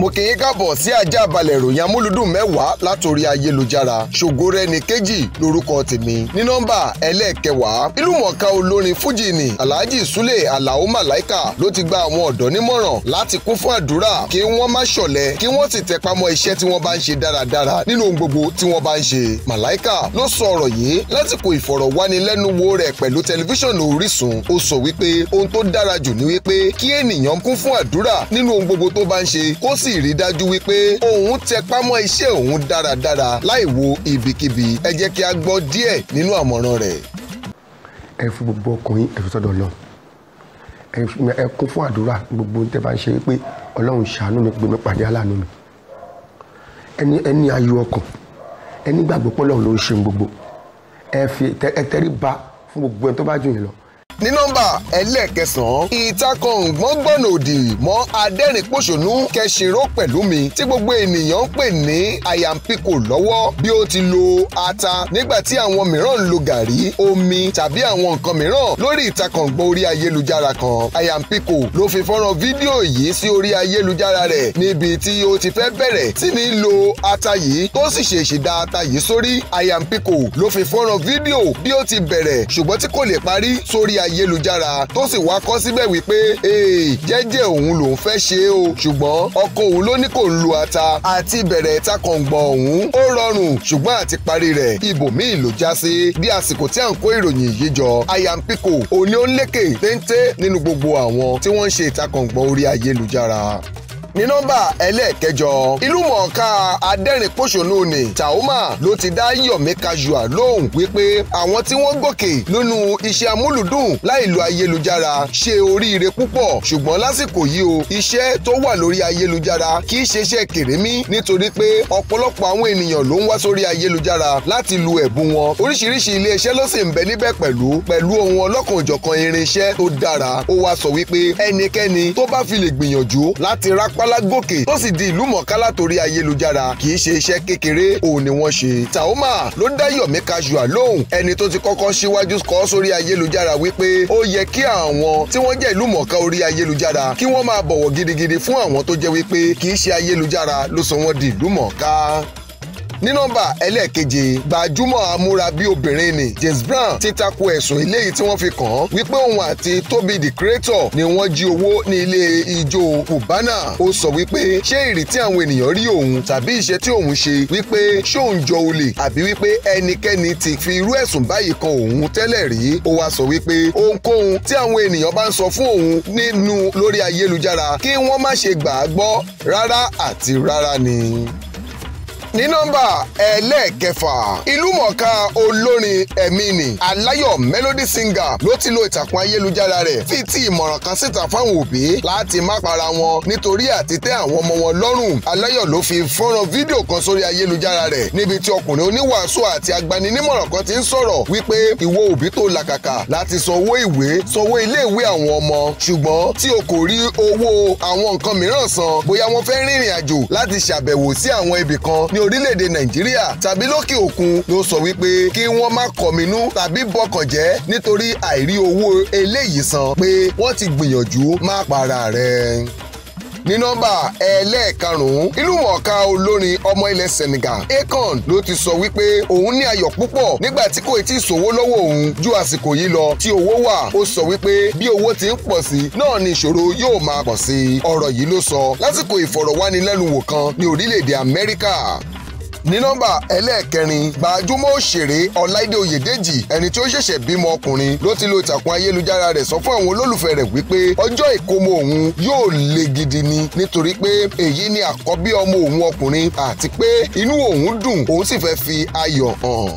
mo kì í káàbọ̀ sí ajá balẹ̀ ìròyìn amúlùdùn mẹ́wàá látòrí ayélujára ṣògòrẹ́ ni kejì lórúkọ tèmi ní nọ́mbà ẹlẹ́ẹ̀kẹwàá ìlúmọ̀ọ́ká olórin fújì ni alhaji sule alao malaika ló ti gba àwọn ọ̀dọ́ nímọ̀ràn láti kún fún àdúrà kí wọ́n má ṣọ̀lẹ kí wọ́n sì tẹpamọ́ iṣẹ́ tí wọ́n bá ń ṣe dáradára nínú ohun gbogbo tí wọ́n bá ń ṣe malaika ló sọ ọ̀rọ̀ yìí lásìkò ìfọ̀rọ̀wánilẹ́nuwò sì rí dájú wípé òun tẹpá mọ́ iṣẹ́ òun dáradára láì wo ibikíbi ẹ jẹ́ kí a gbọ́ díẹ̀ nínú àmọ̀ràn rẹ̀. ẹ fi gbogbo ọkùnrin ẹ fi sọ́dọ̀ Ọlọ́run ẹ kún fún àdúrà gbogbo tẹ bá ń ṣe pé Ọlọ́run ṣàánú mi pé mi pàdé aláàánú mi ẹni ẹni ayọ̀ ọkàn ẹni gbàgbọ́ pé Ọlọ́run ló ń ṣe gbogbo ẹ fi ẹ tẹrí ba fún gbogbo ẹni tó bá jù yín lọ ní nọ́mbà ẹlẹ́ẹ̀kẹsàn-án ìtakùn gbọ́ngbọ́n òdì mọ́ adẹ́rìn-pòṣónú kẹsìrò pẹ̀lú mi tí gbogbo ènìyàn ń pè ní àyàmpíkò lọ́wọ́ bí ó ti lo ata nígbà tí àwọn mìíràn ń lo gàrí omi tàbí àwọn nǹkan mìíràn lórí ìtakùn gbọ́ orí ayélujára kan àyàmpíkò ló fi fọ́nrán fídíò yìí sí orí ayélujára rẹ̀ níbi tí ó ti fẹ́ bẹ̀rẹ̀ sí ní lo ata yìí tó sì ṣèṣì da ata yìí sórí àyàmpíkò ló fi fọ́nrán fídíò bí ó ti bẹ̀rẹ̀ ṣùgbọ́n tí kò lè parí sórí ayélujára tó sì wá kọ́ síbẹ̀ wípé jẹ́jẹ́ òun lòun fẹ́ ṣe é o ṣùgbọ́n ọkọ òun ló ní kò ń lu ata àti bẹ̀rẹ̀ ìtakọ̀ǹgbọ̀n òun ó rọrùn ṣùgbọ́n àti parí rẹ̀ ibòmíì ló já sí bí àsìkò tí à ń kó ìròyìn yìí jọ ayampiko òní ó lékè téńté nínú gbogbo àwọn tí wọ́n ń ṣe ìtakọ̀ǹgbọ̀n orí ayélujára ní nọ́mbà ẹlẹ́ẹ̀kẹjọ ìlúmọ̀ọ́ká adẹ́rìn-pọ̀ṣọ́nù ni Taoma ló ti dá Yọ̀mí Casual lóhùn wípé àwọn tí wọ́n gòkè nínú iṣẹ́ amúlùdùn láì lo ayélujára ṣe oríire púpọ̀ ṣùgbọ́n lásìkò yìí o iṣẹ́ tó wà lórí ayélujára kì í ṣe iṣẹ́ kèrémí nítorí pé ọ̀pọ̀lọpọ̀ àwọn ènìyàn ló ń wá sórí ayélujára láti lu ẹ̀bùn wọn oríṣiríṣi iléeṣẹ́ ló sì ń bẹ níbẹ̀ pẹ̀lú pẹ̀lú ohun ọlọ́kan òjọ̀kan irinṣẹ́ tó dára ó wá sọ wípé ẹnikẹ́ni tó bá fi lè gbìyànjú láti rápá pápálá gòkè tó sì di ìlú mọ̀ọ́ká látòrí ayélujára kì í ṣe iṣẹ́ kékeré òun ni wọ́n ṣe. Tahoma ló dá Yomi Casual lóhùn ẹni tó ti kọ́kọ́ síwájú kọ́ sórí ayélujára wípé ó yẹ kí àwọn tí wọ́n jẹ́ ìlú mọ̀ọ́ká orí ayélujára kí wọ́n máa bọ̀wọ̀ gidigidi fún àwọn tó jẹ́ wípé kì í ṣe ayélujára ló sọ wọ́n di ìlú mọ̀ọ́ká ní nọ́mbà ẹlẹ́ẹ̀keje gbajúmọ̀ amúrabí obìnrin ni James Brown ti tako ẹ̀sùn eléyìí tí wọ́n fi kàn án wípé òun àti Toby the Creator ni wọ́n jí owó ní ilé ijó Cubana ó sọ wípé ṣé ìrètí àwọn ènìyàn rí òun tàbí iṣẹ́ tí òun ṣe wípé ṣé òun jọ olè àbí wípé ẹnikẹ́ni ti fi irú ẹ̀sùn báyìí kan òun tẹ́lẹ̀ rí ó wá sọ wípé ohunkóhun tí àwọn ènìyàn bá ń sọ fún òun nínú lórí ayélujára kí wọ́n má ṣe gbà á gbọ́ rárá àti rárá ni ní nọ́mbà ẹlẹ́ẹ̀kẹfà ìlúmọ̀ọ́ká olórin ẹ̀mí ni aláyọ̀ melody singer ló ti lo ìtàkùn ayélujára rẹ̀ fi ti ìmọ̀ràn kan síta fáwọn òbí láti má para wọn nítorí àti tẹ́ àwọn ọmọ wọn lọ́rùn aláyọ̀ ló fi fọ́nrán fídíò kan sórí ayélujára rẹ̀ níbi tí ọkùnrin oníwàásù àti agbaninímọ̀ràn kan ti ń sọ̀rọ̀ wípé ìwọ òbí tó làkàkà láti san owó ìwé san owó ilé ìwé àwọn ọmọ ṣùgbọ́n tí o kò rí owó àwọn nǹkan mìíràn san bóyá wọ́n fẹ́ rìnrìn àjò láti ṣàbẹ̀wò sí àwọn ibì kan ní orílẹ̀-èdè nàìjíríà tàbí lókè òkun ló sọ wípé kí wọ́n má kọminú tàbí bọkànjẹ́ nítorí àìrí owó eléyìí san pé wọ́n ti gbìyànjú má para rẹ̀ ní nọ́mbà ẹlẹ́ẹ̀karùn-ún ìlúmọ̀ọ́ká olórin ọmọ ilẹ̀ Senegal akon ló ti sọ wípé òun ní ayọ̀ púpọ̀ nígbà tí kò tí ì sówó lọ́wọ́ òun ju àsìkò yìí lọ tí owó wà ó sọ wípé bí owó ti ń pọ̀ sí náà ni ìṣòro yóò máa pọ̀ sí ọ̀rọ̀ yìí ló sọ lásìkò ìfọ̀rọ̀wánilẹ́nuwò kan ní orílẹ̀-èdè Amẹ́ríkà ní nọ́mbà ẹlẹ́ẹ̀kẹrin gbajúmọ̀ òṣèré ọláìdé oyèdèjì ẹni tí ó ṣẹ̀ṣẹ̀ bímọ ọkùnrin ló ti lo ìtàkùn ayélujára rẹ̀ sọ fún àwọn olólùfẹ́ rẹ̀ wípé ọjọ́ ìkómọ òun yóò le gidi ni nítorí pé èyí ni àkọ́bí ọmọ òun ọkùnrin àti pé inú òun dùn òun sì fẹ́ fi ayọ̀ hàn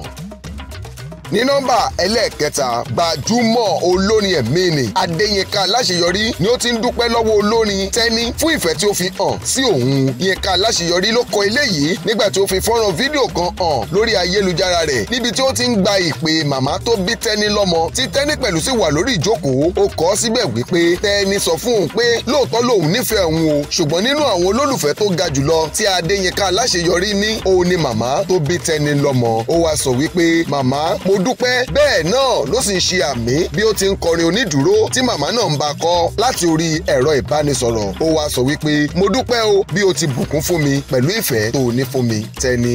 ní nọ́mbà ẹlẹ́ẹ̀kẹta gbajúmọ̀ olórin ẹ̀mí ni adéyínká aláṣeyọrí ni ó ti ń dúpẹ́ lọ́wọ́ olórin tẹ́ni fún ìfẹ́ tí ó fi hàn sí òun yínká aláṣeyọrí ló kọ eléyìí nígbà tí ó fi fọ́nrán fídíò kan hàn lórí ayélujára rẹ̀ níbi tí ó ti ń gba ìpè màmá tó bí tẹ́ni lọ́mọ tí tẹ́ni pẹ̀lú sì wà lórí ìjókòó ó kọ síbẹ̀ wípé tẹ́ni sọ fún òun pé lóòótọ́ lòun nífẹ̀ẹ́ òun o ṣùgbọ́n nínú àwọn olólùfẹ́ tó ga jùlọ tí adéyínká aláṣeyọrí ní òun ni màmá tó bí tẹ́ni lọ́mọ ó wá sọ wípé màmá mo dúpẹ́ bẹ́ẹ̀ náà ló sì ń ṣe àmì bí ó ti ń kọrin onídùúró tí màmá náà ń bá kọ láti orí ẹ̀rọ ìbánisọ̀rọ̀ ó wáá sọ wípé mo dúpẹ́ o bí o ti bùkún fún mi pẹ̀lú ìfẹ́ tó o ní fún mi tẹ́ni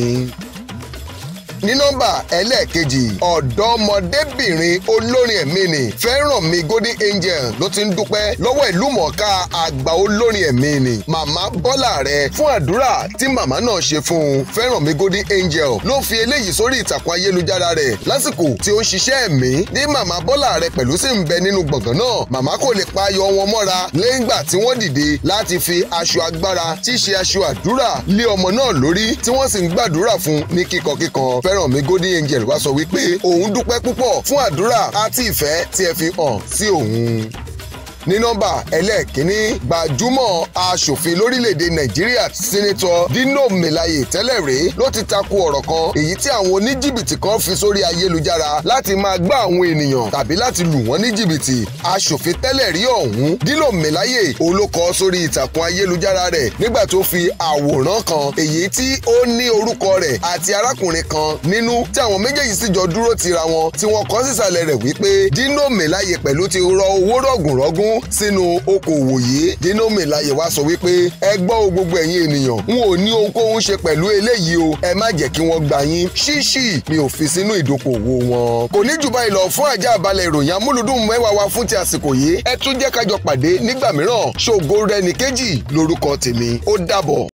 ní nọ́mbà ẹlẹ́ẹ̀kejì ọ̀dọ́mọdébìnrin olórin ẹ̀mí ni Fẹ́rànmi Golden Angel ló ti ń dúpẹ́ lọ́wọ́ ìlú mọ̀ọ́ká àgbà olórin ẹ̀mí ni màmá Bọ́lárẹ̀ fún àdúrà tí màmá náà ṣe fún un Fẹ́rànmi Golden Angel ló fi eléyìí sórí ìtàkùn ayélujára rẹ̀ lásìkò tí ó ń ṣiṣẹ́ ẹ̀mí ní màmá Bọ́lárẹ̀ pẹ̀lú sì ń bẹ nínú gbọ̀ngàn náà màmá kò lè pa ayọ̀ wọn mọ́ra lẹ́yìngbà tí wọ́n dìde láti fi aṣọ agbára tí aṣọ àdúrà lé olùfẹ́ràn mi golden angel wá sọ wípé òun dúpẹ́ púpọ̀ fún àdúrà àti ìfẹ́ tí ẹ fi hàn sí òun ní nọ́mbà ẹlẹ́ẹ̀kínní gbajúmọ̀ aṣòfin lórílẹ̀‐èdè nàìjíríà sínítọ̀ dino melaye tẹ́lẹ̀ rè ló ti tako ọ̀rọ̀ kan èyí tí àwọn oníjìbìtì kan fi sórí ayélujára láti máa gbá àwọn ènìyàn tàbí láti lù wọ́n ní jìbìtì aṣòfin tẹ́lẹ̀ rí ọ̀hún dino melaye olókọ sórí ìtàkùn ayélujára rẹ̀ nígbà tó fi àwòrán kan èyí tí ó ní orúkọ rẹ̀ àti arákùnrin kan nínú tí àwọn méjèèjì sì jọ dúró tira wọn tí wọ́n kọ sísàlẹ̀ rẹ̀ wípé dino melaye pẹ̀lú ti rọ owó rọ̀gùnrọ̀gùn mú sínú okòwò yìí Dinomi Láyéwá sọ wípé ẹ gbọ́ o gbogbo ẹ̀yin ènìyàn n ò ní ohunkóhun ṣe pẹ̀lú eléyìí o ẹ má jẹ́ kí wọ́n gbà yín ṣíṣì mi ò fi sínú ìdókòwò wọn. kò ní jù báyìí lọ fún àjà àbálẹ̀ ìròyìn amúlùdùn mẹ́wàá wa fún ti àsìkò yìí ẹ tún jẹ́ kájọ pàdé nígbà mìíràn ṣògo rẹ̀ nìkejì lórúkọ tèmi ó dàbọ̀.